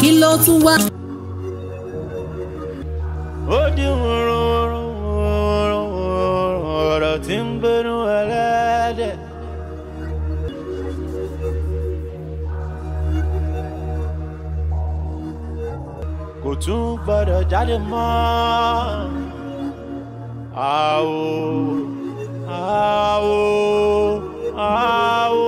kí ló tún wá. ó di ọ̀rọ̀ tí ń gbẹ́nu ẹlẹ́dẹ̀. kò tún gbọ́dọ̀ jáde mọ́ àwò àwò àwò.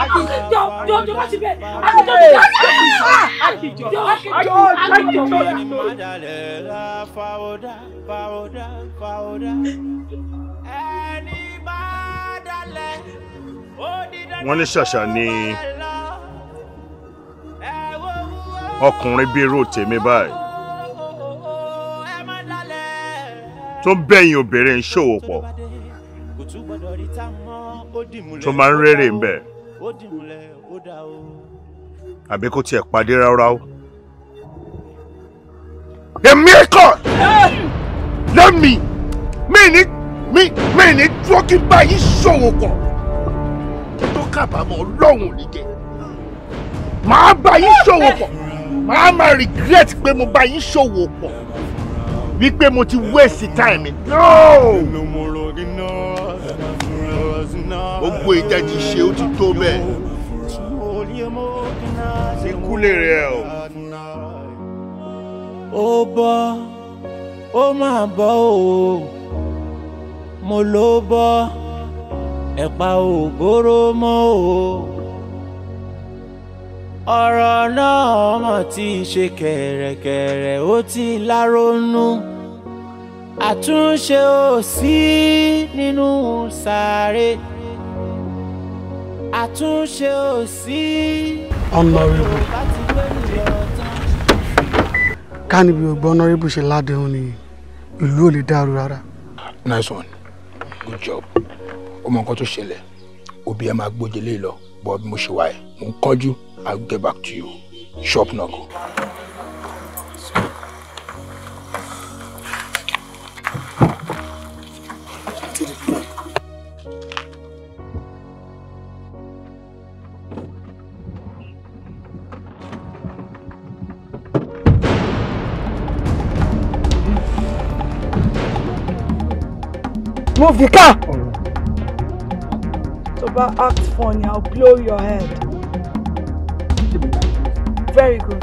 àkìjọ jọ jọ wọ́n ní ṣàṣà ni ọkùnrin bíi irú tèmi báyìí tó ń bẹ̀yìn obìnrin ń ṣòwò pọ̀ tó máa ń rere ń bẹ̀ ó dìmúlẹ̀ ó dá o. àbí kò tiẹ̀ pàdé rárá o. èmi kọ́ lẹ́mìí mi ní mi mi ní dúró kí báyìí ṣòwò pọ̀ tó kábàámọ̀ ọlọ́run ní jẹ màá bá yín ṣòwò pọ̀ màá máa regret pé mo bá yín ṣòwò pọ̀ wípé mo ti waste time No! gbogbo ìtẹ́ ti ṣe ó ti tó bẹ́ẹ̀ ikú lè rẹ̀ o. ó bọ́ ó máa bọ́ o mo ló bọ́ ẹ̀pà ò bóró mọ́ o ọ̀rọ̀ náà mà ti ṣe kẹ̀rẹ̀kẹ̀rẹ̀ ó ti láronú àtúnṣe ò sí nínú sáré àtúnṣe ò sí. honourable kánibí ògbó honourable ṣe ládéhùn ni ìlú ò lè dàrú rárá. nice one good job ó mọ nǹkan tó ṣẹlẹ̀ òbí ẹ máa gbójú lé lọ bọ́ mo ṣe wá mo ń kánjú i'll get back to you shop knock. mo fi ká. tó bá act funny I'll blow your head. very good.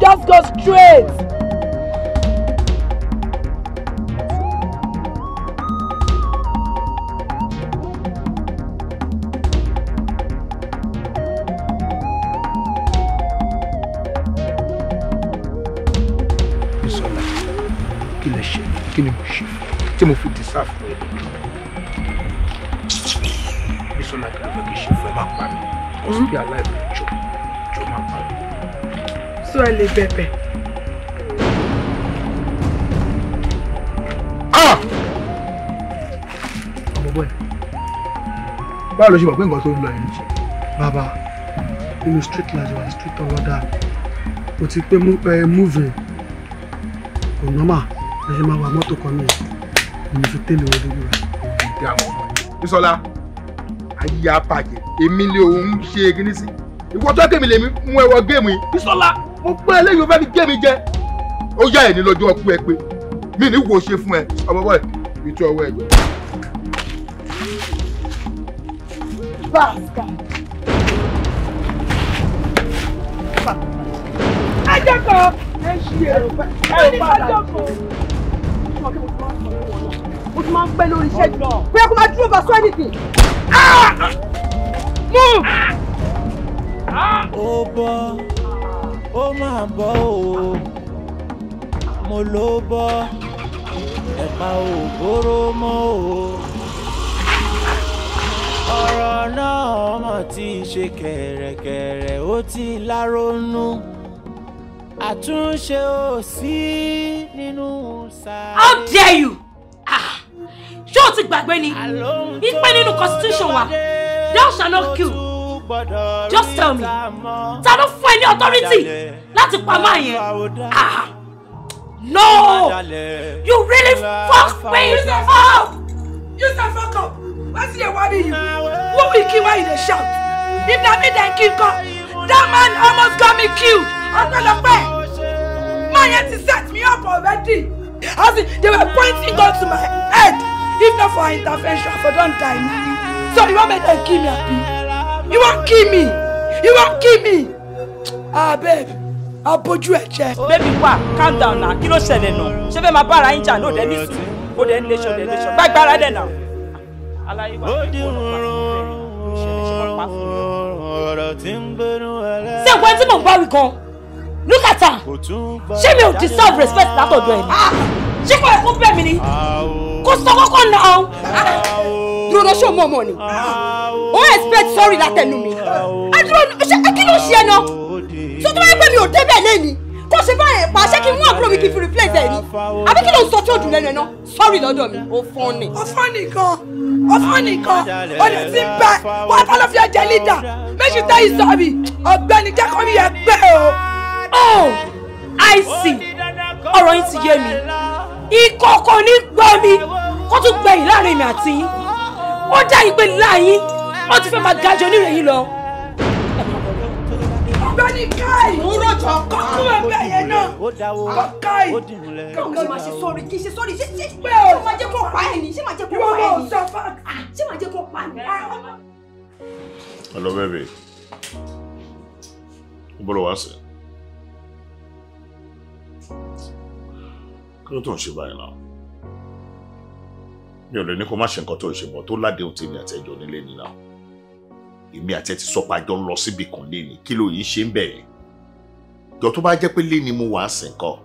just go straight. Ah! ọmọ bọ́ẹ̀ báwo ló ṣe mọ̀ pé nǹkan tó ń lọ yìí nìyí bàbá inú street light wà street ọlọ́dà o ti pé moving kò nọ́mà ẹ ṣe máa wa mọ́tò kan náà èmi fi tẹ́lẹ̀ wọ́n dúró rẹ̀. ìdí àwọn ọmọ yìí bísọ́lá ayé apàjẹ́ èmi lè òun ṣe é gínísì ìwọ́jọ́ tèmi lèmi mú ẹwọ géèmù yìí bísọ́lá mo pẹ́ eléyìí o fẹ́ fi gé mi jẹ. ó yá ẹ̀ ní lọ́jọ́ ọkú ẹ pé mi ní wo ṣe fún ẹ ọmọ bọ́ẹ̀ mi tún ọwọ́ ẹ gbẹ. bàtà ajakọ ẹ ṣe ẹ ò ní lọ́jọ́ fún mo ti máa ń pẹ́ lórí iṣẹ́ jù bóyá kó máa dúró bá sọ anything. Ah! move. Ah! ó bọ́ ó máa bọ́ o mo ló bọ́ ẹ̀pà ò bóró mọ́ o ọ̀rọ̀ náà ọmọ tí ṣe kẹ̀rẹ̀kẹ̀rẹ̀ ó ti láronú àtúnṣe ò sí nínú sáré. How dare you! Ah, ṣé o ti gbàgbé ni ìpè nínú constitution wa thou shall not kill just tell me ta ló fún any authority láti pa máa yẹn ah no you really fuck me up. you say fuck up wọ́n is lè wá you? Who will kill kí wọ́n yìí dey shout if na me dem kill kan that man almost got me killed ọpẹ́lọpẹ́ máa yẹn ti set me up already as in they were pointing gun to my head if not for her intervention i for don die so you wan make dem kill me abi. You won't kill me. You won't kill me. Ah, babe, abojú ẹ jẹ. Baby wa, calm down na, kí ló ṣẹlẹ̀ nà? Ṣé fẹ́ máa bára yín jà lóde ní sùn? Ó dẹ̀ ń lé ṣọ́ dẹ̀ lé ṣọ́. Gbàgbára dẹ̀ nà. Aláyé wa, ìwọ náà pa fún mi. Ṣé ìwé tí mò ń bá wí gan? Look at her. Ṣé mi ò deserve respect látọ̀dọ̀ ẹ̀? Ah. Ṣé kò ẹ̀kú bẹ̀ mí ni? Kò sọ kọ́kọ́ náà dúró ṣó mọ̀ mọ̀ ni ó expect sorry látẹnu mi adúró ṣe kí ló ṣe ẹ náà tó tó báyìí pé mi ò débẹ̀ lẹ́ni kó ṣe bá ẹ̀ pa ṣé kí n mú àbúrò mi kí n fi replace ẹ̀ ni àbí kí ló ń sọ tí ó dùn lẹ́nu ẹ̀ náà sorry lọ́dọ̀ mi ó fọ́n ni. ó fọ́n nìkan ó fọ́n nìkan ó ní sí bẹ wọ́n á fi ẹ̀jẹ̀ leader méjì tẹ́ ìsọ̀rí ọ̀gbẹ́ni jẹ́kọ̀ọ́ mi gbé o. oh i see ọ̀rọ̀ yín ti yé mi ikọ̀ kò ní gbọ́ mi kó tún gbẹ̀yìn láàrin mi àti yín ó dá ìpè láàyè ó ti fẹ́ máa ga jọ onírè yìí lọ. ọ̀gbẹ́ni káì ń rọ̀jò kọ́kú ẹgbẹ́ yẹn náà kọ́ káì. káwọn ṣe máa ṣe sọ́ọ̀rì kì í ṣe sọ́ọ̀rì ṣé ṣé pé o. ṣé máa jẹ́ kó pa ẹ̀ ní ah, ṣé máa jẹ́ kó pa ẹ̀ ní ṣé máa jẹ́ kó pa ẹ̀ ní. hello baby bọ́lá wá sí kí ló tó ń ṣe báyìí náà mi ò lè ní kó má ṣe nǹkan tó ṣe bọ̀ tó ládéhùn tèmi àtẹ̀jọ́ nílé ni náà èmi àti ẹ ti sọ pé àjọ ń lọ síbi kan léni kí ló yìí ṣe ń bẹ̀rẹ̀ jọ tó bá jẹ́ pé léni mo wà á sìn kọ́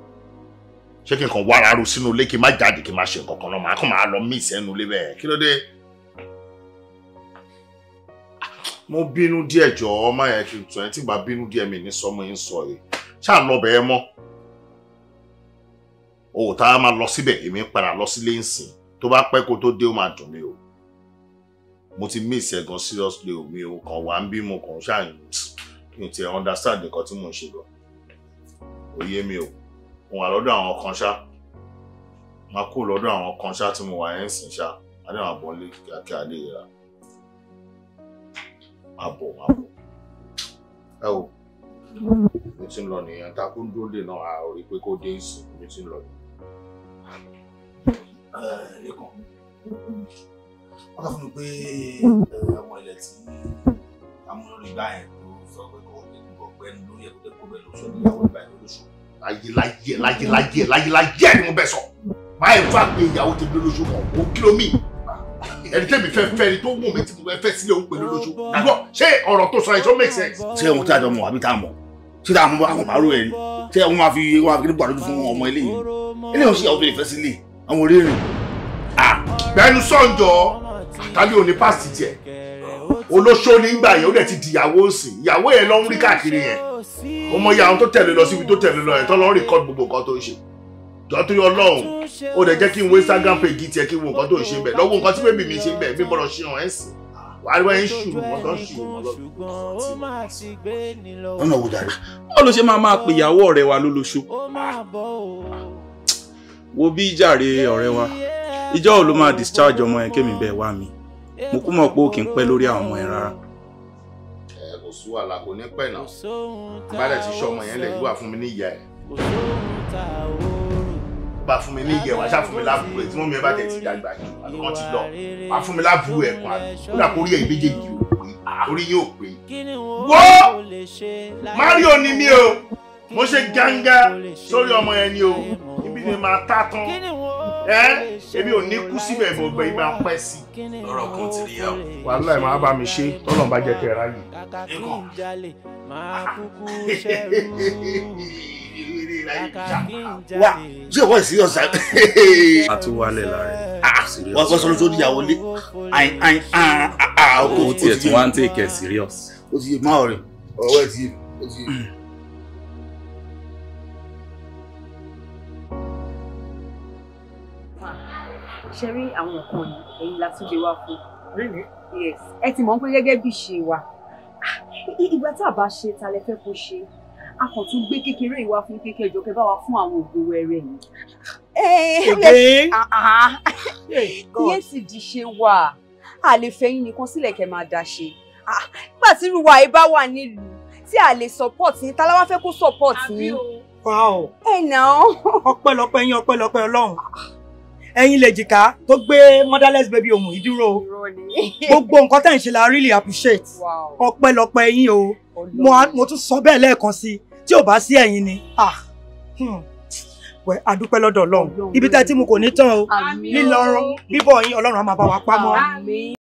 ṣé kí n kàn wára ru sínú ilé kí n má jáde kí n má ṣe nǹkan kan náà màá kàn máa lọ mí ìsẹ́nu ilé bẹ́ẹ̀ kí ló dé. mo bínú díẹ̀ jọ ọmọ yẹn kí n tún ẹ tí gbà bínú díẹ̀ mi ní sọmọ yín sọ yìí ṣáà lọ bẹ̀ẹ́ mọ́ òòtá máa lọ síbẹ̀ èmi ń padà lọ sílé ń sìn tó bá pẹ́ kó tó dé ó máa dùn mí o mo ti miss ẹ̀ gan seriously o mi ò kàn wá ń bí mo kàn ṣáà kí n ti understand nǹkan tí mò ń ṣe gan òye mi o mo wà lọ́dọ̀ àwọn kan ṣá máa kó lọ́dọ̀ àwọn kan ṣá tí mo wà ẹ̀ ń sìn ṣá adé máa bọ̀ lé kíákíá lè ra máa bọ̀ máa bọ̀ ẹ o mi ti ń lọ nìyẹn takú ń dúró dè náà pé kó dé ìsìn mi ti ń lọ nìyẹn. Eh, lẹ́kàn wọ́n kà fún mi pé eh, ọmọ ilẹ̀ tí amúlórí gbà yẹn ló sọ pé kò ní kò gbẹnu lórí ẹ̀kọ́ tó kó bẹ̀ lóṣù ìyàwó ìgbà yẹn lóṣù. láyé láyé láyé ni mo bẹ sọ máa ń fà pé ìyàwó ti dé lóṣù kan ó kí ló mì ẹni tẹ́mi fẹ́ fẹ́ ni tó wù mí tí mo fẹ́ sílé òun pẹ̀lú lóṣù nígbọ́ ṣé ọ̀rọ̀ tó sọ ìṣó tí a jọ mọ àbí tá ẹ ni ṣé wọn fi wọn fi gbàdúrà fún ọmọ eléyìí eléyìí ò ṣe ìyàwó tó lè fẹ́ sílé àwọn orírìn bẹ́ẹ̀ni sọ̀njọ́ àtàlẹ́ òní pàṣẹ tiẹ̀ olóṣó nígbà yẹn ó dẹ̀ ti dìyàwó sí ìyàwó yẹn lọ ń rí káàkiri yẹn ọmọ ìyá àwọn tó tẹ̀lé lọ síbi tó tẹ̀lé lọ yẹn tó lọ ń rìkọ́d gbogbo nǹkan tó ń ṣe jọ tó yọ lọ́hùn ó dẹ̀ jẹ́ kí n wo Instagram page tiẹ̀ kí n wo nǹkan tó ń ṣe bẹ̀ lọ́wọ́ nǹkan tí bèbí mi ṣe bẹ̀ mi bọ̀rọ̀ ṣe hàn ẹ́ sìn wà á rí wáyé ń ṣùrù wọn tó ń ṣùrù wọn lọ. ọ̀nà òwúdàrí. wọ́n ló ṣe máa máa pè ìyàwó ọ̀rẹ́ wa lólóṣó wo bí jàre ọ̀rẹ́ wa ìjọ́ ò ló máa discharge ọmọ yẹn kémi bẹ́ẹ̀ wá mi mo kú mọ̀ pé ó kì í pẹ́ lórí àwọn ọmọ yẹn rárá. ẹ kò sú àlà kò ní pẹ́ náà balẹ̀ ti ṣọ́ ọmọ yẹn lẹ̀ wà fún mi ní ìyá ẹ̀. bá fún mi ní ìyá ẹ̀ wá ṣáà fún mi lábúrú ẹ̀ tí wọ́n mi ẹ bá tẹ̀ ti dàgbà jù àlùkò ti lọ wá fún mi lábúrú ẹ̀ kan àlùkò kódà kó rí ẹ̀ méjèèjì ò pé àkórí yóò pé. wó Mario ni mí o mo ṣe gángan sórí ọmọ yẹn ni o ni máa ta tán ẹ èmi ò ní kú síbẹ̀ gbọ̀ngbẹ̀ yìí pẹ́ sí. lọ́rọ̀ kan ti rí yàwó. wàhálà ẹ̀ máa bá mi ṣe tọ́lọ̀ bá jẹ́ kẹ́ra yìí. wa ṣé wọ́n sí ọ̀sán. a tún wálẹ̀ lára ẹ̀. Ah, wọ́n sọ lójú ìyàwó lé o ah, ah, tiẹ̀ tí wọ́n á ń tèkẹ́ serious. o ti yé máa rẹ̀ ọ̀rọ̀ ti yé o ti yé. ṣe rí àwọn nǹkan yìí ẹ̀yin la tún gbé wá fún. really? yes ẹ ti mọ̀ pé gẹ́gẹ́ bí ṣe wà ah, ìgbà tá a bá ṣe ta lẹ fẹ́ kó ṣe a kàn tún gbé kékeré ìwà fún kékeré ìjọ kẹ bá wa fún àwọn ògbó wẹrẹ yìí. ìyẹn eh, sì ah, ah. di ṣe wà a lè fẹ̀yìn nìkan sílẹ̀ kẹ́ máa dá ṣe nígbà tí irú wa ẹ bá wà nílùú tí a lè support yín táláwá fẹ́ kó support yín. àbí o. wow. ẹ̀ nà án. ọpẹ́lọpẹ́ yín ọpẹ́lọpẹ́ Ọlọ́run ẹ̀yin lè jìkà tó gbé motherless baby ohun ìdúró gbogbo nǹkan tẹ̀ ń ṣe la really appreciate ọpẹ́lọpẹ́ yín o mo tún sọ bẹ́ẹ̀ lẹ́ẹ̀kan sí tí ò bá sí ẹ̀yin ni ah, hmm. wẹ adúpẹ́ lọ́dọ̀ Ọlọ́run ibi tẹ́ tí mo kò ní tán o lílọrun bíbọ̀ yín Ọlọ́run á máa bá wa pamọ́.